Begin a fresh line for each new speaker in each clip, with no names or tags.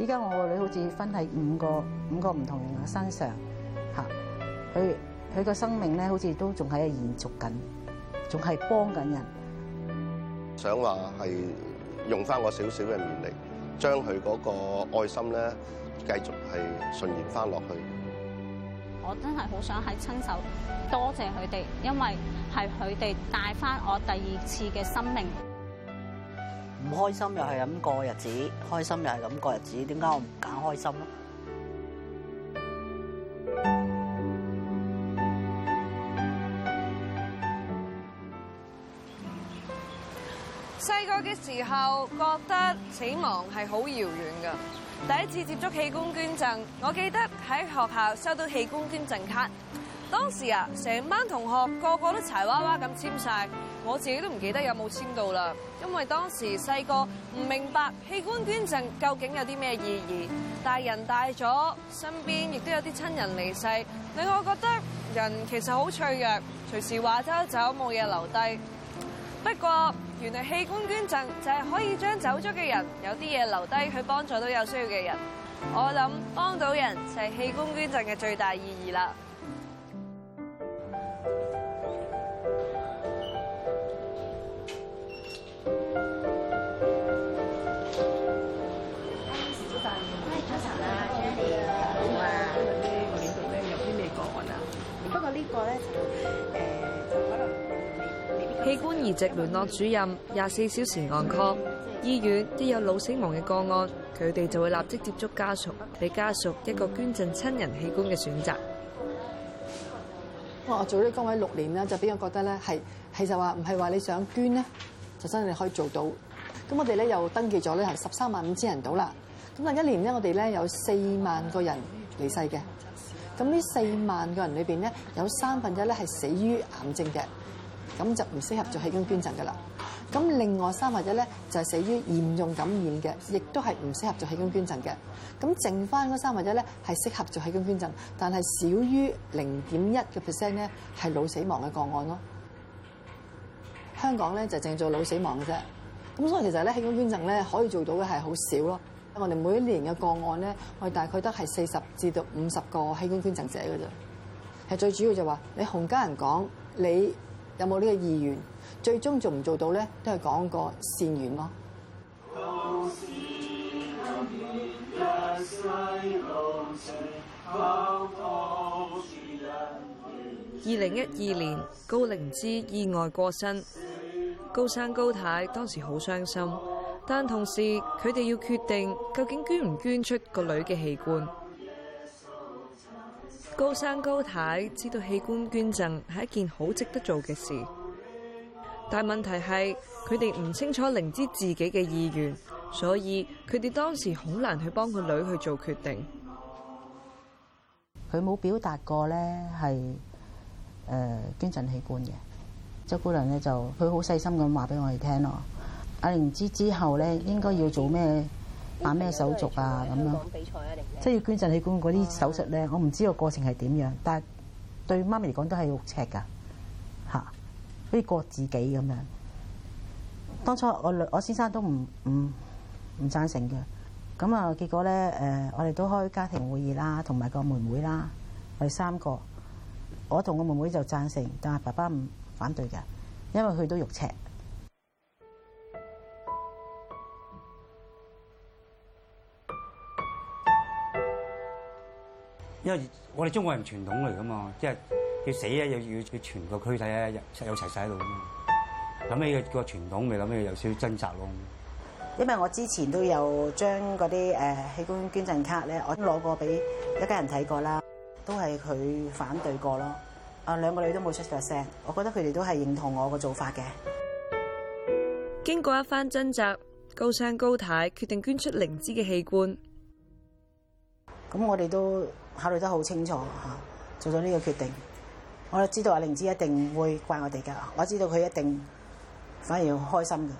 依家我個女好似分喺五個五個唔同人嘅身上，嚇，佢佢個生命咧好似都仲喺度延續緊，仲係幫緊人。
想話係用翻我少少嘅綿力，將佢嗰個愛心咧繼續係順延翻落去。
我真係好想喺親手多謝佢哋，因為係佢哋帶翻我第二次嘅生命。
唔開心又係咁過日子，開心又係咁過日子，點解我唔揀開心咯？
細個嘅時候覺得死亡係好遙遠㗎。嗯、第一次接觸器官捐贈，我記得喺學校收到器官捐贈卡。當時啊，成班同學個個都柴娃娃咁簽晒，我自己都唔記得有冇簽到啦。因為當時細個唔明白器官捐贈究竟有啲咩意義，但人大咗，身邊亦都有啲親人離世，令我覺得人其實好脆弱，隨時話走就走，冇嘢留低。不過原來器官捐贈就係可以將走咗嘅人有啲嘢留低去幫助到有需要嘅人。我諗幫到人就係器官捐贈嘅最大意義啦。器官移植聯絡主任廿四小時按 call，醫院一有腦死亡嘅個案，佢哋就會立即接觸家屬，俾家屬一個捐贈親人器官嘅選擇。嗯、
我做呢崗位六年啦，就比較覺得咧係，係就話唔係話你想捐咧就真係你可以做到。咁我哋咧又登記咗呢咧十三萬五千人到啦，咁但一年咧我哋咧有四萬個人離世嘅。咁呢四萬個人裏邊咧，有三分一咧係死於癌症嘅，咁就唔適合做器官捐贈噶啦。咁另外三分一咧就係死於嚴重感染嘅，亦都係唔適合做器官捐贈嘅。咁剩翻嗰三分一咧係適合做器官捐贈，但係少於零點一嘅 percent 咧係腦死亡嘅個案咯。香港咧就淨做腦死亡嘅啫。咁所以其實咧器官捐贈咧可以做到嘅係好少咯。我哋每一年嘅個案咧，我哋大概都係四十至到五十個器官捐贈者嘅啫。係最主要就話，你同家人講，你有冇呢個意願？最終做唔做到咧，都係講個善願咯。
二零一二年高凌之意外過身，高生高太當時好傷心。但同時，佢哋要決定究竟捐唔捐出個女嘅器官。高生高太知道器官捐贈係一件好值得做嘅事，但問題係佢哋唔清楚靈芝自己嘅意願，所以佢哋當時好難去幫個女去做決定。
佢冇表達過呢係捐贈器官嘅，周姑娘呢，就佢好細心咁話俾我哋聽咯。阿唔知之後咧應該要做咩打咩手續啊？咁樣、啊、即係要捐贈器官嗰啲手術咧，哦、我唔知個過程係點樣，但係對媽咪嚟講都係肉赤噶吓，好似割自己咁樣。當初我我先生都唔唔唔贊成嘅，咁啊結果咧誒，我哋都開家庭會議啦，同埋個妹妹啦，我哋三個，我同個妹妹就贊成，但係爸爸唔反對嘅，因為佢都肉赤。因為
我哋中國人傳統嚟㗎嘛，即係要死咧又要要全個軀體咧有有齊晒喺度啊嘛，諗起個個傳統咪諗起有少少掙扎咯。
因為我之前都有將嗰啲誒器官捐贈卡咧，我都攞過俾一家人睇過啦，都係佢反對過咯。啊兩個女都冇出過聲，我覺得佢哋都係認同我個做法嘅。
經過一番掙扎，高生高太決定捐出靈芝嘅器官。
咁我哋都。考慮得好清楚嚇，做咗呢個決定，我就知道阿玲子一定會怪我哋噶，我知道佢一定反而要開心嘅。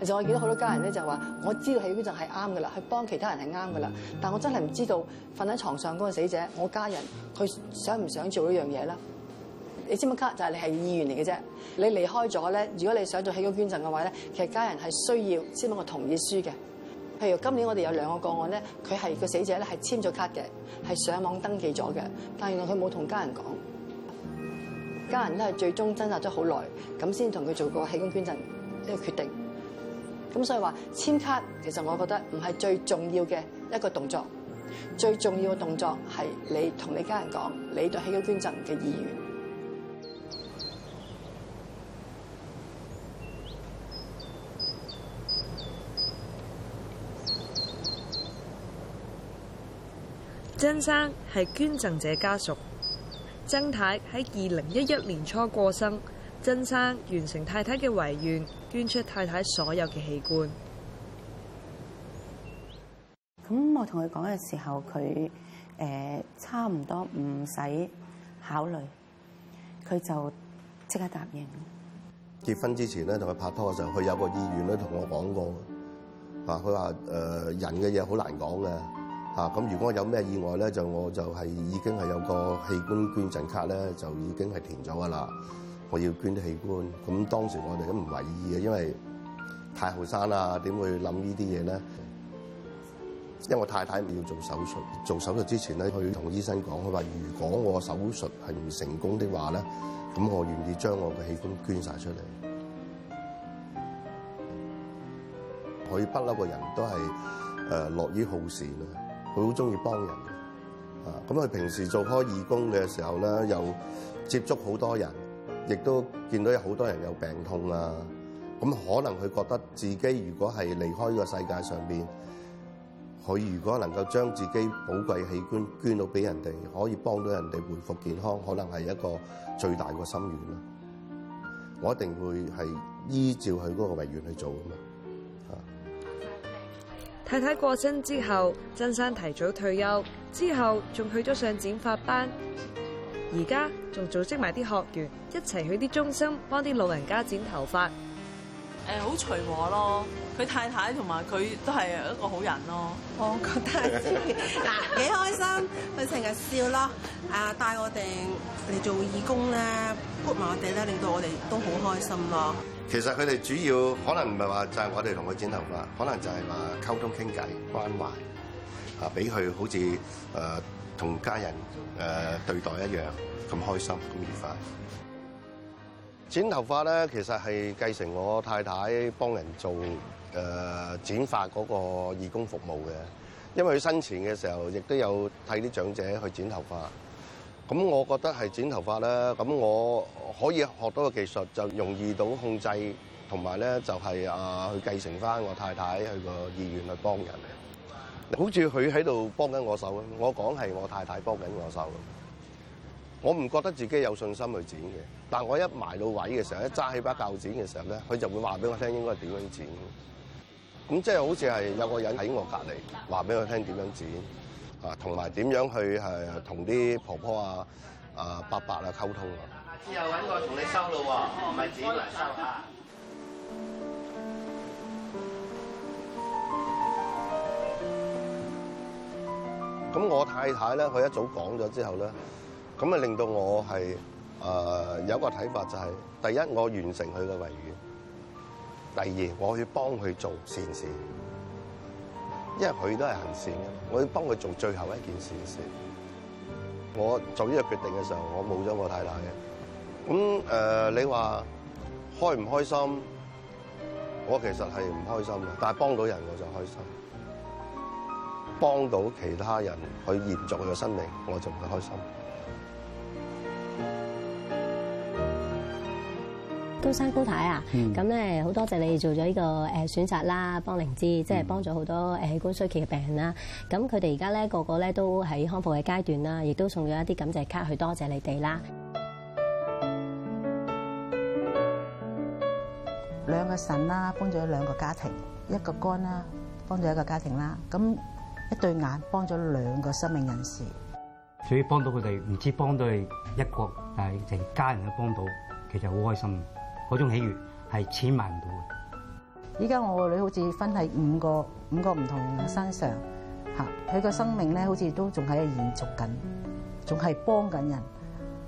其實我見到好多家人咧，就話我知道器官捐贈係啱噶啦，去幫其他人係啱噶啦，但我真係唔知道瞓喺床上嗰個死者，我家人佢想唔想做呢樣嘢啦？你知唔知家就係、是、你係意願嚟嘅啫，你離開咗咧，如果你想做器官捐贈嘅話咧，其實家人係需要知唔知個同意書嘅。譬如今年我哋有兩個個案咧，佢係個死者咧，係簽咗卡嘅，係上網登記咗嘅，但原來佢冇同家人講，家人咧最終掙扎咗好耐，咁先同佢做個器官捐贈呢個決定。咁所以話簽卡其實我覺得唔係最重要嘅一個動作，最重要嘅動作係你同你家人講你對器官捐贈嘅意願。
曾生係捐贈者家屬，曾太喺二零一一年初過身，曾生完成太太嘅遺願，捐出太太所有嘅器官。咁我
同佢講嘅時候，佢誒、呃、差唔多唔使考慮，佢就即刻答應。
結婚之前咧，同佢拍拖嘅時候，佢有個醫院咧同我講過，啊，佢話誒，人嘅嘢，好難講嘅。啊！咁如果有咩意外咧，就我就係已經係有個器官捐贈卡咧，就已經係填咗噶啦。我要捐啲器官。咁當時我哋都唔為意嘅，因為太後生啦，點會諗呢啲嘢咧？因為我太太要做手術，做手術之前咧，佢同醫生講，佢話如果我手術係唔成功的話咧，咁我願意將我嘅器官捐晒出嚟。佢不嬲個人都係誒樂於好善啦。呃佢好中意幫人，啊！咁佢平時做開義工嘅時候咧，又接觸好多人，亦都見到有好多人有病痛啊！咁可能佢覺得自己如果係離開呢個世界上邊，佢如果能夠將自己寶貴器官捐到俾人哋，可以幫到人哋回復健康，可能係一個最大個心願啦。我一定會係依照佢嗰個遺願去做啊嘛。
太太過身之後，曾生提早退休，之後仲去咗上剪髮班，而家仲組織埋啲學員一齊去啲中心幫啲老人家剪頭髮。
誒、嗯，好隨和咯，佢太太同埋佢都係一個好人咯。
我覺
得，
嗱，幾開心，佢成日笑咯，啊，帶我哋嚟做義工咧，撥埋我哋咧，令到我哋都好開心咯。
其實佢哋主要可能唔係話就係我哋同佢剪頭髮，可能就係話溝通傾偈、關懷啊，俾佢好似誒同家人誒、呃、對待一樣咁開心、咁愉快。剪頭髮咧，其實係繼承我太太幫人做誒、呃、剪髮嗰個義工服務嘅，因為佢生前嘅時候亦都有替啲長者去剪頭髮。咁我覺得係剪頭髮咧，咁我可以學到個技術就容易到控制，同埋咧就係啊去繼承翻我太太佢個意願去幫人。好似佢喺度幫緊我手，我講係我太太幫緊我手。我唔覺得自己有信心去剪嘅，但係我一埋到位嘅時候，一揸起一把鉸剪嘅時候咧，佢就會話俾我聽應該點樣剪。咁即係好似係有個人喺我隔離，話俾我聽點樣剪。啊，同埋點樣去係同啲婆婆啊、啊伯伯啊溝通啊？下次又揾我同你收路喎，唔係自己嚟收下。咁我太太咧，佢一早講咗之後咧，咁啊令到我係啊有個睇法就係：第一，我完成佢嘅遺願；第二，我去幫佢做善事。因為佢都係行善嘅，我要幫佢做最後一件善事，事。我做呢個決定嘅時候，我冇咗我太太嘅。咁誒、呃，你話開唔開心？我其實係唔開心嘅，但係幫到人我就開心。幫到其他人去延續佢嘅生命，我就唔會開心。
高生高太啊，咁咧好多謝你做咗呢個誒選擇啦，幫靈芝，即係幫咗好多誒器官衰竭嘅病人啦。咁佢哋而家咧個個咧都喺康復嘅階段啦，亦都送咗一啲感謝卡去多謝你哋啦。
兩個腎啦，幫咗兩個家庭；一個肝啦，幫咗一個家庭啦。咁一對眼幫咗兩個生命人士，
所以幫到佢哋唔止幫到佢一個，但係成家人嘅幫到，其實好開心。嗰種喜悅係錢買唔到嘅。
依家我個女好似分喺五個五個唔同人嘅身上，嚇佢個生命咧好似都仲喺度延續緊，仲係幫緊人，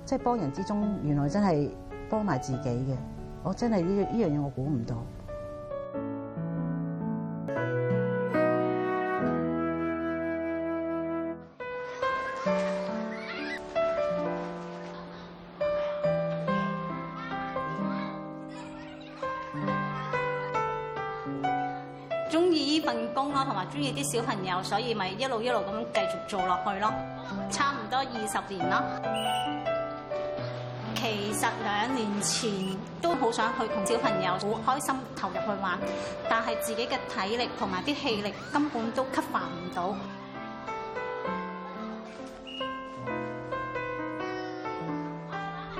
即係幫人之中原來真係幫埋自己嘅。我真係呢呢樣嘢我估唔到。
中意啲小朋友，所以咪一路一路咁繼續做落去咯，差唔多二十年啦。其實兩年前都好想去同小朋友好開心投入去玩，但係自己嘅體力同埋啲氣力根本都吸發唔到。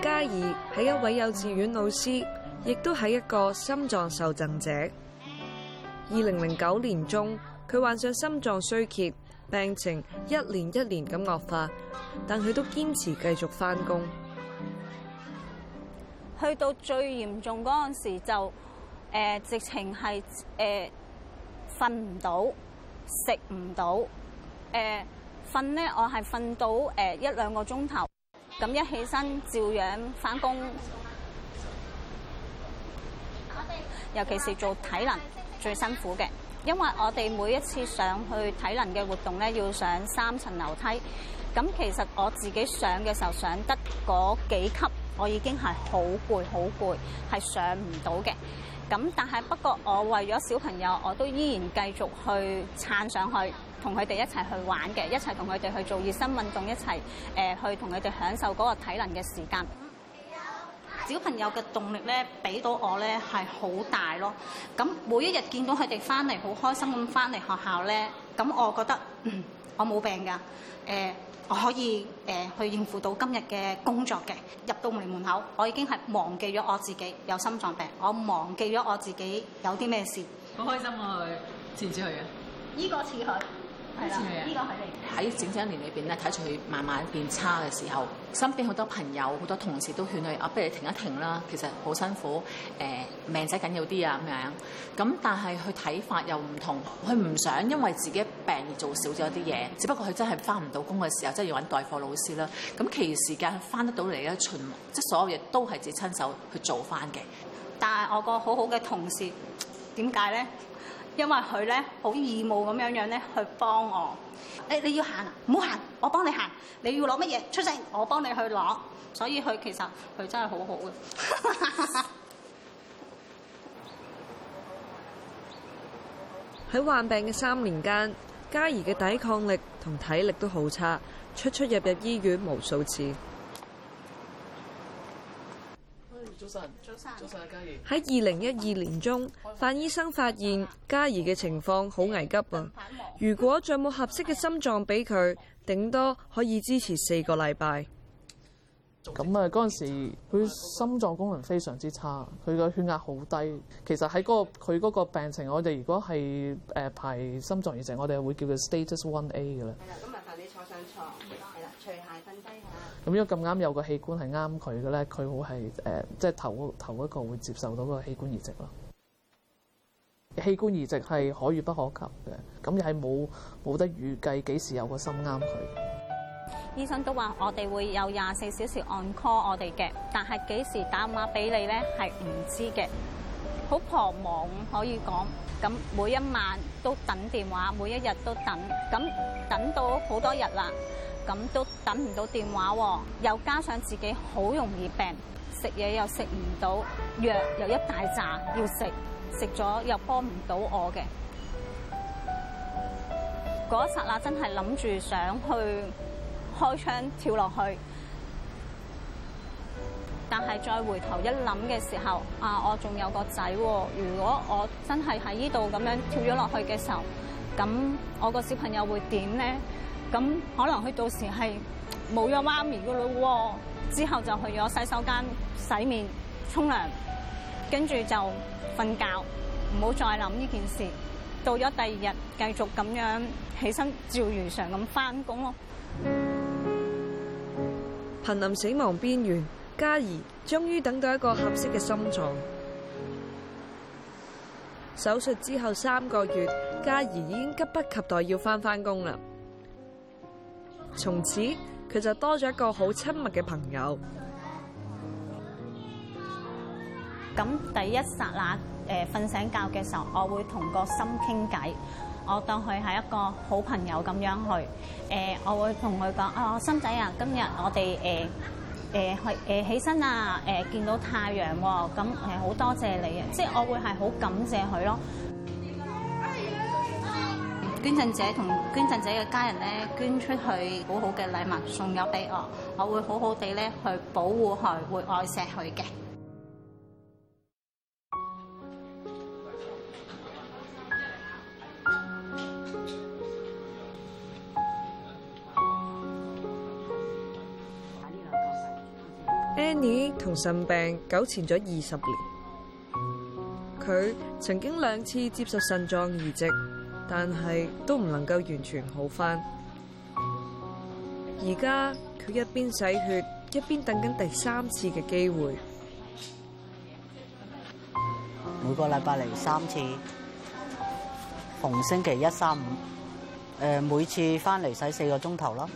嘉怡係一位幼稚園老師，亦都係一個心臟受贈者。二零零九年中。佢患上心臟衰竭，病情一年一年咁惡化，但佢都堅持繼續翻工。
去到最嚴重嗰陣時，就誒、呃、直情係誒瞓唔到，食唔到。誒瞓、呃、呢，我係瞓到誒、呃、一兩個鐘頭，咁一起身照樣翻工。尤其是做體能最辛苦嘅。因為我哋每一次上去體能嘅活動咧，要上三層樓梯，咁其實我自己上嘅時候上得嗰幾級，我已經係好攰，好攰，係上唔到嘅。咁但係不過我為咗小朋友，我都依然繼續去撐上去，同佢哋一齊去玩嘅，一齊同佢哋去做熱身運動，一齊、呃、去同佢哋享受嗰個體能嘅時間。小朋友嘅動力咧，俾到我咧係好大咯。咁每一日見到佢哋翻嚟，好開心咁翻嚟學校咧。咁我覺得，嗯，我冇病㗎。誒、呃、我可以誒、呃、去應付到今日嘅工作嘅。入到門門口，我已經係忘記咗我自己有心臟病，我忘記咗我自己有啲咩事。好
開心啊！佢似唔似佢啊？
依個似佢，
係啦、嗯，依了個係你。
喺
整整一年裏邊咧，睇住佢慢慢變差嘅時候，身邊好多朋友、好多同事都勸佢啊，不如停一停啦。其實好辛苦，誒、呃、命仔緊要啲啊咁樣。咁但係佢睇法又唔同，佢唔想因為自己病而做少咗啲嘢。只不過佢真係返唔到工嘅時候，真、就、係、是、要揾代課老師啦。咁其餘時間返得到嚟咧，全
即係所有嘢都係自己親手去做返嘅。但係我個好好嘅同事點解咧？因為佢咧好義務咁樣樣咧去幫我，誒，你要行啊，唔好行，我幫你行。你要攞乜嘢出聲，我幫你，你，你去攞。所以佢其實佢真係好好嘅。
喺 患病嘅三年間，嘉怡嘅抵抗力同體力都好差，出出入入醫院無數次。早晨，早晨上。早晨，嘉怡喺二零一二年中，放范醫生發現嘉怡嘅情況好危急啊！省如果再冇合適嘅心臟俾佢，頂、嗯、多可以支持四個禮拜。咁啊，嗰陣時佢心臟功能非常之差，佢個、嗯、血壓好低。其實喺、嗰個佢個病情，我哋如果係誒排心臟移植，我哋會叫佢 status one a 噶啦。係啦，咁啊，帶你坐
上床，係啦，除鞋瞓低。
咁如果咁啱有個器官係啱佢嘅咧，佢好係誒，即係頭頭一個會接受到嗰個器官移植咯。器官移植係可遇不可及嘅，咁又係冇冇得預計幾時有個心啱佢。
醫生都話我哋會有廿四小時按 call 我哋嘅，但係幾時打電話俾你咧係唔知嘅，好彷徨可以講。咁每一晚都等電話，每一日都等，咁等到好多日啦。咁都等唔到電話喎、哦，又加上自己好容易病，食嘢又食唔到，藥又一大扎要食，食咗又幫唔到我嘅。嗰一刹那真係諗住想去開窗跳落去，但係再回頭一諗嘅時候，啊，我仲有個仔喎、哦！如果我真係喺呢度咁樣跳咗落去嘅時候，咁我個小朋友會點呢？咁可能佢到時係冇咗媽咪嗰個，之後就去咗洗手間洗面沖涼，跟住就瞓覺，唔好再諗呢件事。到咗第二日，繼續咁樣起身，照如常
咁翻工咯。瀕臨死亡邊緣，嘉怡終於等到一個合適嘅心臟。手術之後三個月，嘉怡已經急不及待要翻翻工啦。從此佢就多咗一個好親密嘅朋友。
咁第一剎那誒瞓、呃、醒覺嘅時候，我會同個心傾偈，我當佢係一個好朋友咁樣去。誒、呃，我會同佢講啊，我、哦、心仔啊，今日我哋誒誒去誒起身啊，誒、呃、見到太陽、哦，咁誒好多謝你啊，即係我會係好感謝佢咯。捐贈者同捐贈者嘅家人咧，捐出去好好嘅禮物，送咗俾我，我會好好地咧去保護佢，會愛錫佢嘅。
Annie 同腎病糾纏咗二十年，佢曾經兩次接受腎臟移植。但係都唔能夠完全好翻。而家佢一邊洗血，一邊等緊第三次嘅機會。
每個禮拜嚟三次，逢星期一、三、五。誒、呃，每次翻嚟洗四個鐘頭啦。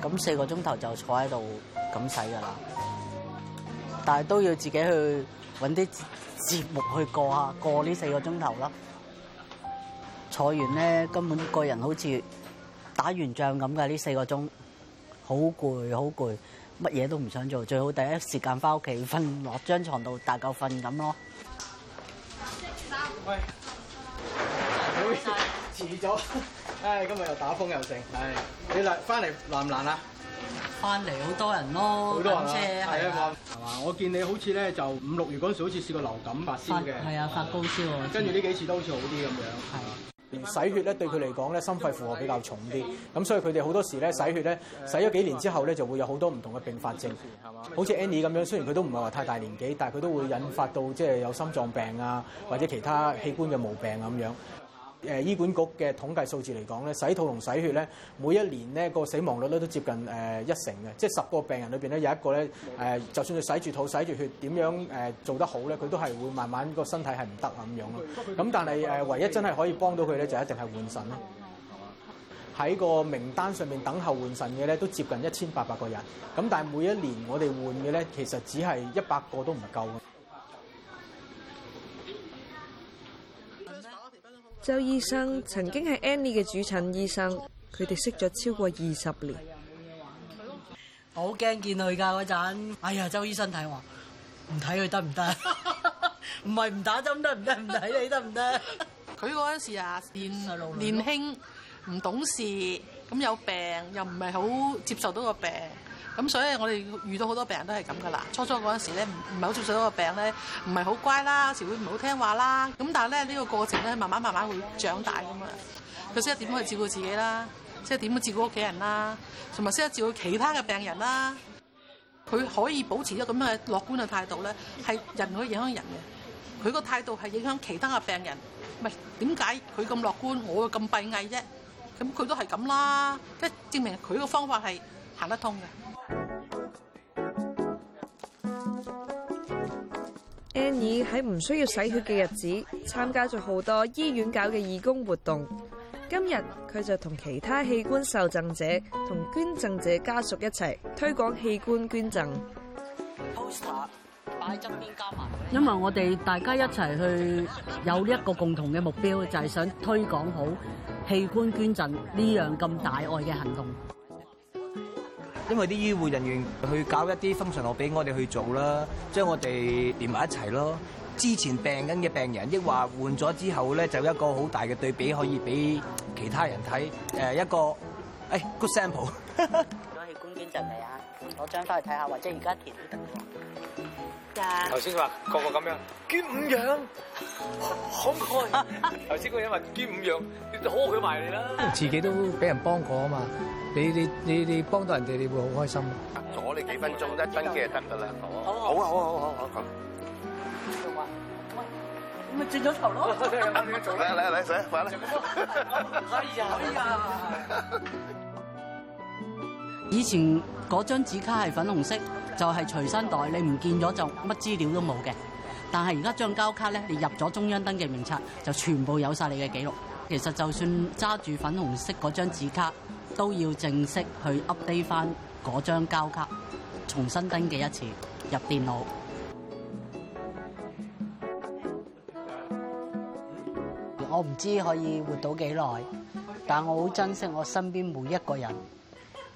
咁四個鐘頭就坐喺度咁洗噶啦。但係都要自己去揾啲節目去過下，過呢四個鐘頭啦。坐完咧，根本個人好似打完仗咁㗎。呢四個鐘好攰，好攰，乜嘢都唔想做，最好第一時間翻屋企瞓，落張床度大覺瞓咁咯。喂，好曬，遲咗。唉，今日又打風又剩，係你嚟翻嚟難唔難啊？翻嚟好多人咯，好多人啊，係啊，係。我見你好似咧就五六月嗰陣時好似試過流感發燒嘅，係啊，發高燒喎。跟住呢幾次都好似好啲咁樣。係。洗血咧對佢嚟講咧，心肺負荷比較重啲，咁所以佢哋好多時咧，洗血咧洗咗幾年之後咧，就會有好多唔同嘅併發症，好似 Annie 咁樣，雖然佢都唔係話太大年紀，但係佢都會引發到即係、就是、有心臟病啊或者其他器官嘅毛病咁樣。誒醫管局嘅統計數字嚟講咧，洗肚同洗血咧，每一年咧個死亡率咧都接近誒一成嘅，即係十個病人裏邊咧有一個咧誒，就算佢洗住肚洗住血，點樣誒做得好咧，佢都係會慢慢個身體係唔得啊咁樣咯。咁但係誒唯一真係可以幫到佢咧，就一定係換腎啦。喺個名單上面等候換腎嘅咧，都接近一千八百個人。咁但係每一年我哋換嘅咧，其實只係一百個都唔夠。
周醫生曾經係 Annie 嘅主診醫生，佢哋識咗超過二十年。
好驚見佢噶嗰陣，哎呀，周醫生睇話唔睇佢得唔得？唔係唔打針得唔得？唔睇
你得唔得？佢嗰陣時啊，年年輕唔懂事，咁有病又唔係好接受到個病。咁所以，我哋遇到好多病人都係咁噶啦。初初嗰陣時咧，唔係好接受到個病咧，唔係好乖啦，有時會唔好聽話啦。咁但係咧，呢個過程咧，慢慢慢慢會長大噶嘛。佢識得點樣去照顧自己啦，識得點樣照顧屋企人啦，同埋識得照顧其他嘅病人啦。佢可以保持咗咁嘅樂觀嘅態度咧，係人可以影響人嘅。佢個態度係影響其他嘅病人。咪，點解佢咁樂觀，我會咁閉翳啫？咁佢都係咁啦，即係證明佢個方法係行得通嘅。
喺唔需要洗血嘅日子，參加咗好多醫院搞嘅義工活動。今日佢就同其他器官受贈者同捐贈者家屬一齊推廣器官捐贈。
poster 擺喺一邊，加埋。
因為我哋大家一齊去
有一個共同嘅目標，就係、是、想推廣好器官捐贈呢樣咁大愛嘅行動。
因為啲醫護人員去搞一啲封信號俾我哋去做啦，將我哋連埋一齊咯。之前病緊嘅病人，抑或換咗之後咧，就有一個好大嘅對比可以俾其他人睇。誒一個，誒 good sample。攞去公捐
得未啊？攞張翻去睇下，或者而
家填都得㗎。頭先話個個
咁樣捐五樣，好唔好？頭先嗰個話捐五樣，你拖佢埋嚟啦。
自己都俾人幫
過啊嘛。你你你你幫到人哋，你會好開心。阻
咗你幾分鐘，一登記就得噶啦。好啊，好啊，好啊，好啊，好啊。咁，咪轉咗頭咯。嚟嚟嚟，仔，快嚟！轉咗手。哎呀，哎
呀。以前嗰張紙卡係粉紅色，就係、是、隨身袋，你唔見咗就乜資料都冇嘅。但係而家張膠卡咧，你入咗中央登記名冊，就全部有晒你嘅記錄。其實就算揸住粉紅色嗰張紙卡，都要正式去 update 翻嗰張交卡，重新登記一次入電腦。我唔知可以活到幾耐，但我好珍惜我身邊每一個人，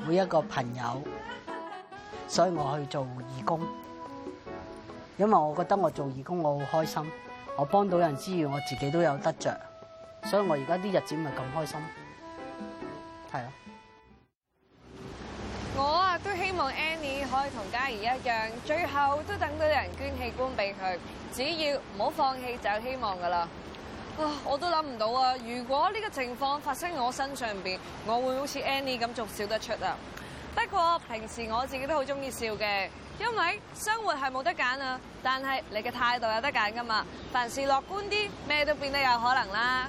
每一個朋友，所以我去做義工，因為我覺得我做義工我好開心，我幫到人之餘，我自己都有得着，所以我而家啲日子咪咁開心，係啊。
都希望 Annie 可以同嘉怡一樣，最後都等到人捐器官俾佢。只要唔好放棄，就有希望噶啦。啊，我都諗唔到啊！如果呢個情況發生在我身上邊，我會好似 Annie 咁仲笑得出啊。不過平時我自己都好中意笑嘅，因為生活係冇得揀啊。但係你嘅態度有得揀噶嘛？凡事樂觀啲，咩都變得有可能啦。